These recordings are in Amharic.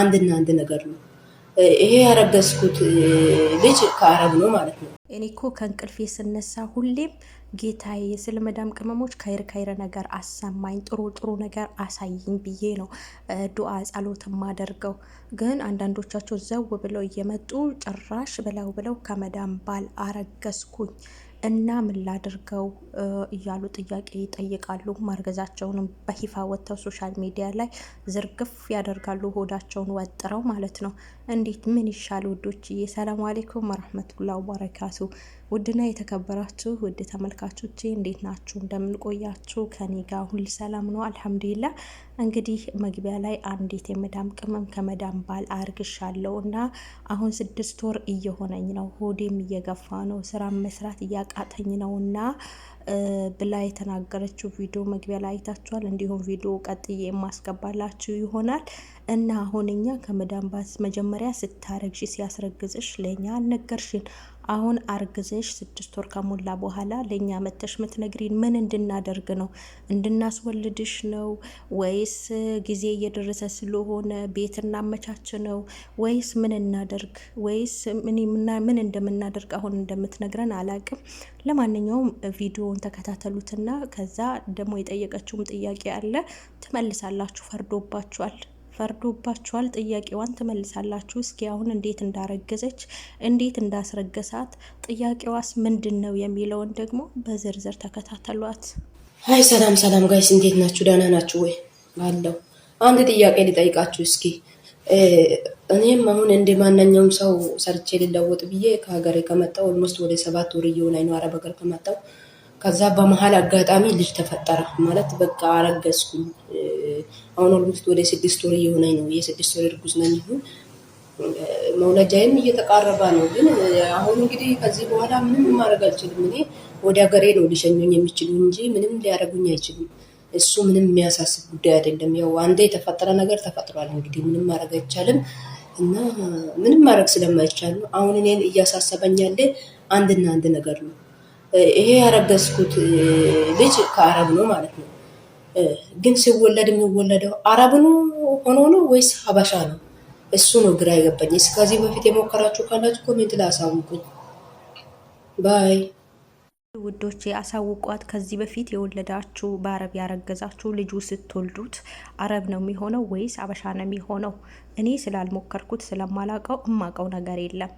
አንድና አንድ ነገር ነው። ይሄ ያረገዝኩት ልጅ ከአረብ ነው ማለት ነው። እኔ እኮ ከእንቅልፌ ስነሳ ሁሌም ጌታዬ ስለ መዳም ቅመሞች ካይር ካይረ ነገር አሰማኝ፣ ጥሩ ጥሩ ነገር አሳይኝ ብዬ ነው ዱዓ ጸሎት ማደርገው። ግን አንዳንዶቻቸው ዘው ብለው እየመጡ ጭራሽ ብለው ብለው ከመዳም ባል አረገዝኩኝ እና ምን ላድርገው እያሉ ጥያቄ ይጠይቃሉ። ማርገዛቸውንም በሂፋ ወጥተው ሶሻል ሚዲያ ላይ ዝርግፍ ያደርጋሉ፣ ሆዳቸውን ወጥረው ማለት ነው። እንዴት ምን ይሻል ውዶችዬ? ሰላም አሌይኩም ወረህመቱላሂ ወበረካቱ። ውድና የተከበራችሁ ውድ ተመልካቾቼ እንዴት ናችሁ? እንደምንቆያችሁ ከኔ ጋር ሁል ሰላም ነው አልሐምዱሊላ። እንግዲህ መግቢያ ላይ አንዲት የመዳም ቅመም ከመዳም ባል አርግሻለሁ እና አሁን ስድስት ወር እየሆነኝ ነው፣ ሆዴም እየገፋ ነው፣ ስራ መስራት እያቃተኝ ነው እና ብላ የተናገረችው ቪዲዮ መግቢያ ላይ አይታችኋል። እንዲሁም ቪዲዮ ቀጥዬ የማስገባላችሁ ይሆናል። እና አሁን እኛ ከመዳን ባስ መጀመሪያ ስታረግሽ ሲያስረግዝሽ ለእኛ አልነገርሽን። አሁን አርግዘሽ ስድስት ወር ከሞላ በኋላ ለእኛ መተሽ ምትነግሪን ምን እንድናደርግ ነው? እንድናስወልድሽ ነው ወይስ ጊዜ እየደረሰ ስለሆነ ቤት እናመቻች ነው ወይስ ምን እናደርግ ወይስ ምን እንደምናደርግ አሁን እንደምትነግረን አላቅም። ለማንኛውም ቪዲዮውን ተከታተሉትና ከዛ ደግሞ የጠየቀችውም ጥያቄ አለ ትመልሳላችሁ። ፈርዶባችኋል። ፈርዶባቸዋል። ጥያቄዋን ትመልሳላችሁ። እስኪ አሁን እንዴት እንዳረገዘች እንዴት እንዳስረገሳት ጥያቄዋስ ምንድን ነው የሚለውን ደግሞ በዝርዝር ተከታተሏት። ሀይ ሰላም ሰላም ጋይስ እንዴት ናችሁ? ደህና ናችሁ ወይ? አለው አንድ ጥያቄ ሊጠይቃችሁ እስኪ እኔም አሁን እንደ ማናኛውም ሰው ሰርቼ ልለወጥ ብዬ ከሀገሬ ከመጣው ኦልሞስት ወደ ሰባት ወር እየሆነ ነው አረብ ሀገር ከመጣው። ከዛ በመሀል አጋጣሚ ልጅ ተፈጠረ ማለት በቃ አረገዝኩኝ። አሁን ኦልሞስት ወደ ስድስት ወር እየሆነኝ ነው። የስድስት ወር እርጉዝ ነኝ። ይሁን መውለጃይም እየተቃረባ ነው። ግን አሁን እንግዲህ ከዚህ በኋላ ምንም ማድረግ አልችልም። እኔ ወደ ሀገሬ ነው ሊሸኙኝ የሚችሉ እንጂ ምንም ሊያደርጉኝ አይችሉም። እሱ ምንም የሚያሳስብ ጉዳይ አይደለም። ያው አንዴ የተፈጠረ ነገር ተፈጥሯል። እንግዲህ ምንም ማድረግ አይቻልም እና ምንም ማድረግ ስለማይቻል ነው አሁን እኔን እያሳሰበኝ ያለ አንድና አንድ ነገር ነው። ይሄ ያረገዝኩት ልጅ ከአረብ ነው ማለት ነው። ግን ሲወለድ የሚወለደው አረብ ሆኖ ነው ወይስ ሀበሻ ነው? እሱ ነው ግራ የገባኝ። እስከዚህ በፊት የሞከራችሁ ካላችሁ ኮሜንት ላይ አሳውቁኝ። ባይ ውዶች አሳውቋት። ከዚህ በፊት የወለዳችሁ በአረብ ያረገዛችሁ ልጁ ስትወልዱት አረብ ነው የሚሆነው ወይስ አበሻ ነው የሚሆነው? እኔ ስላልሞከርኩት ስለማላቀው እማቀው ነገር የለም።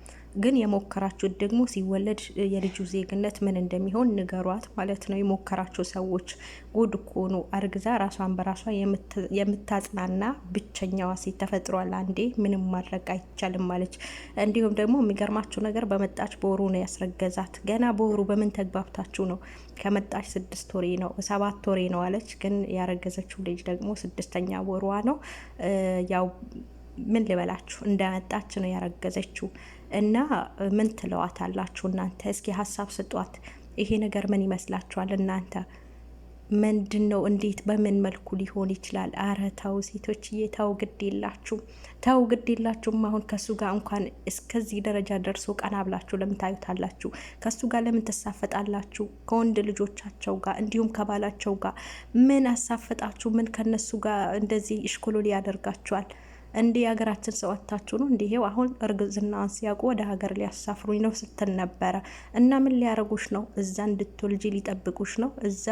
ግን የሞከራችሁት ደግሞ ሲወለድ የልጁ ዜግነት ምን እንደሚሆን ንገሯት ማለት ነው። የሞከራችሁ ሰዎች ጉድ አርግዛ ራሷን በራሷ የምታጽናና ብቸኛዋ ሴት ተፈጥሯል። አንዴ ምንም ማድረግ አይቻልም አለች። እንዲሁም ደግሞ የሚገርማችሁ ነገር በመጣች በወሩ ነው ያስረገዛት። ገና በወሩ በምን ተግባብታችሁ ነው? ከመጣች ስድስት ወሬ ነው ሰባት ወሬ ነው አለች። ግን ያረገዘችው ልጅ ደግሞ ስድስተኛ ወሯ ነው ያው ምን ልበላችሁ እንደመጣች ነው ያረገዘችው እና ምን ትለዋት አላችሁ እናንተ? እስኪ ሀሳብ ስጧት። ይሄ ነገር ምን ይመስላችኋል እናንተ? ምንድን ነው? እንዴት በምን መልኩ ሊሆን ይችላል? አረ ተው ሴቶችዬ፣ ተው ግድ የላችሁ፣ ተው ግድ የላችሁም። አሁን ከእሱ ጋር እንኳን እስከዚህ ደረጃ ደርሶ ቀና ብላችሁ ለምን ታዩታላችሁ? ጋር ለምን ትሳፈጣላችሁ? ከወንድ ልጆቻቸው ጋር እንዲሁም ከባላቸው ጋር ምን አሳፈጣችሁ? ምን ከነሱ ጋር እንደዚህ እሽኮሎ ሊያደርጋችኋል እንዲህ የሀገራችን ሰው አታችሁ ነው እንዲህ አሁን እርግዝናዋን ሲያውቁ ወደ ሀገር ሊያሳፍሩኝ ነው ስትል ነበረ። እና ምን ሊያረጉሽ ነው? እዛ እንድትወልጂ ሊጠብቁሽ ነው? እዛ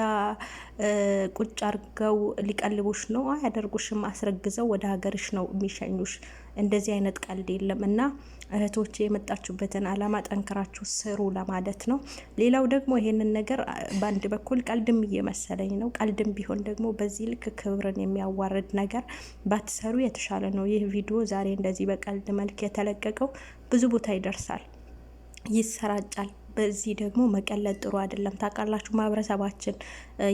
ቁጭ አርገው ሊቀልቡሽ ነው? አያደርጉሽም። አስረግዘው ወደ ሀገርሽ ነው የሚሸኙሽ። እንደዚህ አይነት ቀልድ የለም እና እህቶች የመጣችሁበትን አላማ ጠንክራችሁ ስሩ ለማለት ነው። ሌላው ደግሞ ይሄንን ነገር በአንድ በኩል ቀልድም እየመሰለኝ ነው። ቀልድም ቢሆን ደግሞ በዚህ ልክ ክብርን የሚያዋርድ ነገር ባትሰሩ የተሻለ ነው። ይህ ቪዲዮ ዛሬ እንደዚህ በቀልድ መልክ የተለቀቀው ብዙ ቦታ ይደርሳል፣ ይሰራጫል በዚህ ደግሞ መቀለድ ጥሩ አይደለም። ታውቃላችሁ ማህበረሰባችን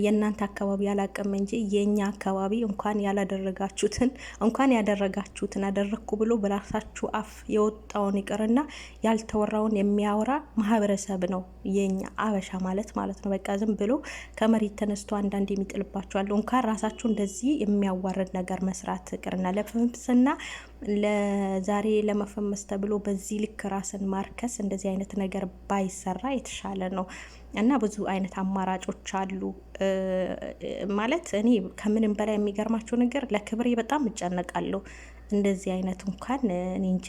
የእናንተ አካባቢ ያላቅም እንጂ የእኛ አካባቢ እንኳን ያላደረጋችሁትን እንኳን ያደረጋችሁትን አደረግኩ ብሎ በራሳችሁ አፍ የወጣውን ይቅርና ያልተወራውን የሚያወራ ማህበረሰብ ነው የኛ አበሻ ማለት ማለት ነው። በቃ ዝም ብሎ ከመሬት ተነስቶ አንዳንድ የሚጥልባቸዋል። እንኳን ራሳችሁ እንደዚህ የሚያዋርድ ነገር መስራት ይቅርና ለፍምስና ለዛሬ ለመፈመስ ተብሎ በዚህ ልክ ራስን ማርከስ እንደዚህ አይነት ነገር ባይሰራ የተሻለ ነው እና ብዙ አይነት አማራጮች አሉ። ማለት እኔ ከምንም በላይ የሚገርማቸው ነገር ለክብሬ በጣም እጨነቃለሁ። እንደዚህ አይነት እንኳን ኒንጃ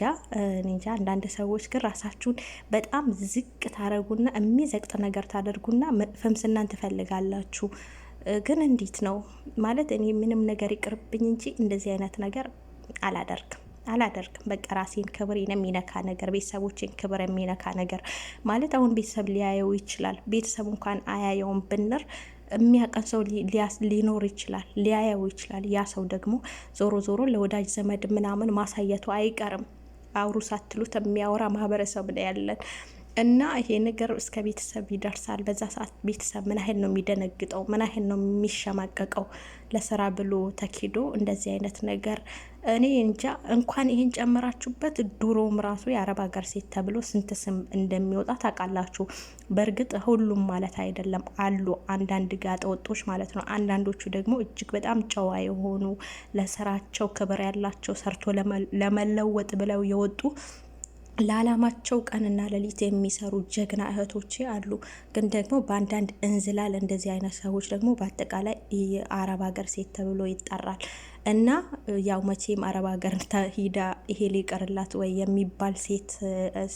ኒንጃ። አንዳንድ ሰዎች ግን ራሳችሁን በጣም ዝቅ ታደረጉና የሚዘቅጥ ነገር ታደርጉና ፍምስናን ትፈልጋላችሁ። ግን እንዴት ነው ማለት እኔ ምንም ነገር ይቅርብኝ እንጂ እንደዚህ አይነት ነገር አላደርግም። አላደርግም። በቃ ራሴን ክብር የሚነካ ነገር፣ ቤተሰቦችን ክብር የሚነካ ነገር ማለት አሁን ቤተሰብ ሊያየው ይችላል። ቤተሰብ እንኳን አያየውም ብንር የሚያቀን ሰው ሊኖር ይችላል፣ ሊያየው ይችላል። ያ ሰው ደግሞ ዞሮ ዞሮ ለወዳጅ ዘመድ ምናምን ማሳየቱ አይቀርም። አውሩ ሳትሉት የሚያወራ ማህበረሰብ ነው ያለን። እና ይሄ ነገር እስከ ቤተሰብ ይደርሳል። በዛ ሰዓት ቤተሰብ ምን ያህል ነው የሚደነግጠው? ምን ያህል ነው የሚሸማቀቀው? ለስራ ብሎ ተኪዶ እንደዚህ አይነት ነገር እኔ እንጃ። እንኳን ይሄን ጨምራችሁበት ድሮም ራሱ የአረብ ሀገር ሴት ተብሎ ስንት ስም እንደሚወጣ ታውቃላችሁ። በእርግጥ ሁሉም ማለት አይደለም፣ አሉ አንዳንድ ጋጠ ወጦች ማለት ነው። አንዳንዶቹ ደግሞ እጅግ በጣም ጨዋ የሆኑ ለስራቸው ክብር ያላቸው ሰርቶ ለመለወጥ ብለው የወጡ ለዓላማቸው ቀንና ሌሊት የሚሰሩ ጀግና እህቶቼ አሉ። ግን ደግሞ በአንዳንድ እንዝላል እንደዚህ አይነት ሰዎች ደግሞ በአጠቃላይ የአረብ ሀገር ሴት ተብሎ ይጠራል። እና ያው መቼም አረብ ሀገር ተሂዳ ይሄ ሊቀርላት ወይ የሚባል ሴት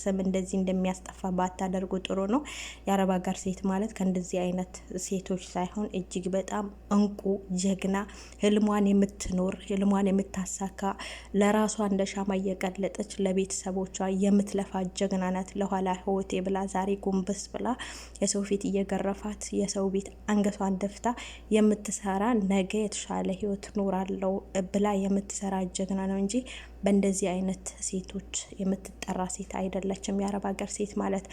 ስም እንደዚህ እንደሚያስጠፋ ባታደርጉ ጥሩ ነው። የአረብ ሀገር ሴት ማለት ከእንደዚህ አይነት ሴቶች ሳይሆን እጅግ በጣም እንቁ ጀግና፣ ህልሟን የምትኖር ህልሟን የምታሳካ ለራሷ እንደ ሻማ እየቀለጠች ለቤተሰቦቿ የምትለፋ ጀግና ናት። ለኋላ ህይወቴ ብላ ዛሬ ጎንበስ ብላ የሰው ፊት እየገረፋት የሰው ቤት አንገቷን ደፍታ የምትሰራ ነገ የተሻለ ህይወት ኖራለው ብላ የምትሰራ ጀግና ነው እንጂ በእንደዚህ አይነት ሴቶች የምትጠራ ሴት አይደለችም፣ የአረብ ሀገር ሴት ማለት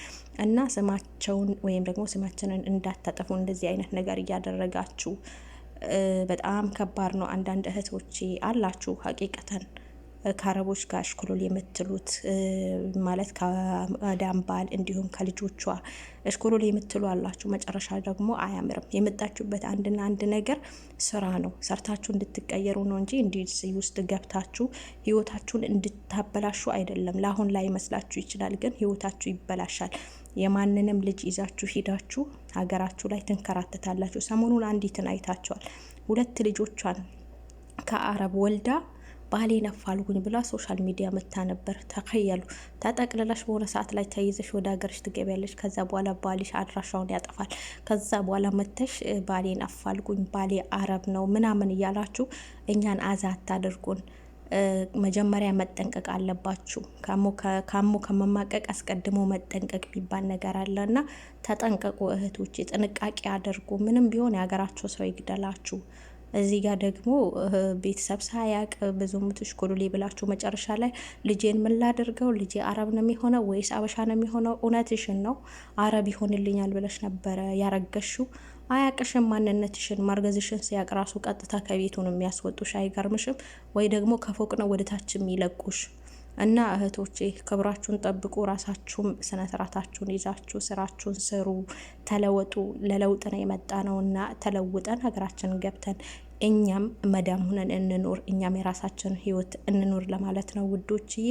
እና ስማቸውን ወይም ደግሞ ስማችንን እንዳታጠፉ እንደዚህ አይነት ነገር እያደረጋችሁ በጣም ከባድ ነው። አንዳንድ እህቶቼ አላችሁ ሀቂቀተን ከአረቦች ጋር እሽኮሎል የምትሉት ማለት ከዳምባል እንዲሁም ከልጆቿ እሽኮሎል የምትሉ አላችሁ። መጨረሻ ደግሞ አያምርም። የመጣችሁበት አንድና አንድ ነገር ስራ ነው። ሰርታችሁ እንድትቀየሩ ነው እንጂ እንዲዚህ ውስጥ ገብታችሁ ህይወታችሁን እንድታበላሹ አይደለም። ለአሁን ላይ መስላችሁ ይችላል፣ ግን ህይወታችሁ ይበላሻል። የማንንም ልጅ ይዛችሁ ሂዳችሁ ሀገራችሁ ላይ ትንከራተታላችሁ። ሰሞኑን አንዲትን አይታቸዋል። ሁለት ልጆቿን ከአረብ ወልዳ ባሌ ነፋልጉኝ ብላ ሶሻል ሚዲያ መታ ነበር። ተከያሉ ተጠቅልላሽ በሆነ ሰዓት ላይ ተይዘሽ ወደ ሀገርሽ ትገቢያለሽ። ከዛ በኋላ ባልሽ አድራሻውን ያጠፋል። ከዛ በኋላ መተሽ ባሌ ነፋልጉኝ ባሌ አረብ ነው ምናምን እያላችሁ እኛን አዛ አታድርጉን። መጀመሪያ መጠንቀቅ አለባችሁ። ካሞ ከመማቀቅ አስቀድሞ መጠንቀቅ የሚባል ነገር አለ እና ተጠንቀቁ እህቶቼ፣ ጥንቃቄ አድርጉ። ምንም ቢሆን የሀገራቸው ሰው ይግደላችሁ። እዚህ ጋር ደግሞ ቤተሰብ ሳያቅ ብዙ ምትሽኮሉ ብላችሁ መጨረሻ ላይ ልጄን ምን ላድርገው? ልጄ አረብ ነው የሚሆነው ወይስ አበሻ ነው የሚሆነው? እውነትሽን ነው አረብ ይሆንልኛል ብለሽ ነበረ ያረገሽው። አያቅሽም ማንነትሽን። ማርገዝሽን ሲያቅ ራሱ ቀጥታ ከቤቱን ነው የሚያስወጡሽ። አይገርምሽም ወይ? ደግሞ ከፎቅ ነው ወደታች የሚለቁሽ። እና እህቶቼ ክብራችሁን ጠብቁ። ራሳችሁም ስነ ስርዓታችሁን ይዛችሁ ስራችሁን ስሩ፣ ተለወጡ። ለለውጥ ነው የመጣ ነው እና ተለውጠን ሀገራችንን ገብተን እኛም መዳም ሁነን እንኖር፣ እኛም የራሳችን ህይወት እንኖር ለማለት ነው ውዶችዬ።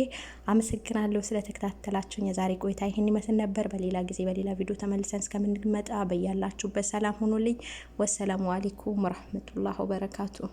አመሰግናለሁ ስለተከታተላችሁኝ። የዛሬ ቆይታ ይህን ይመስል ነበር። በሌላ ጊዜ በሌላ ቪዲዮ ተመልሰን እስከምንመጣ በያላችሁበት ሰላም ሁኑልኝ። ወሰላሙ አሊኩም ረህመቱላህ ወበረካቱሁ።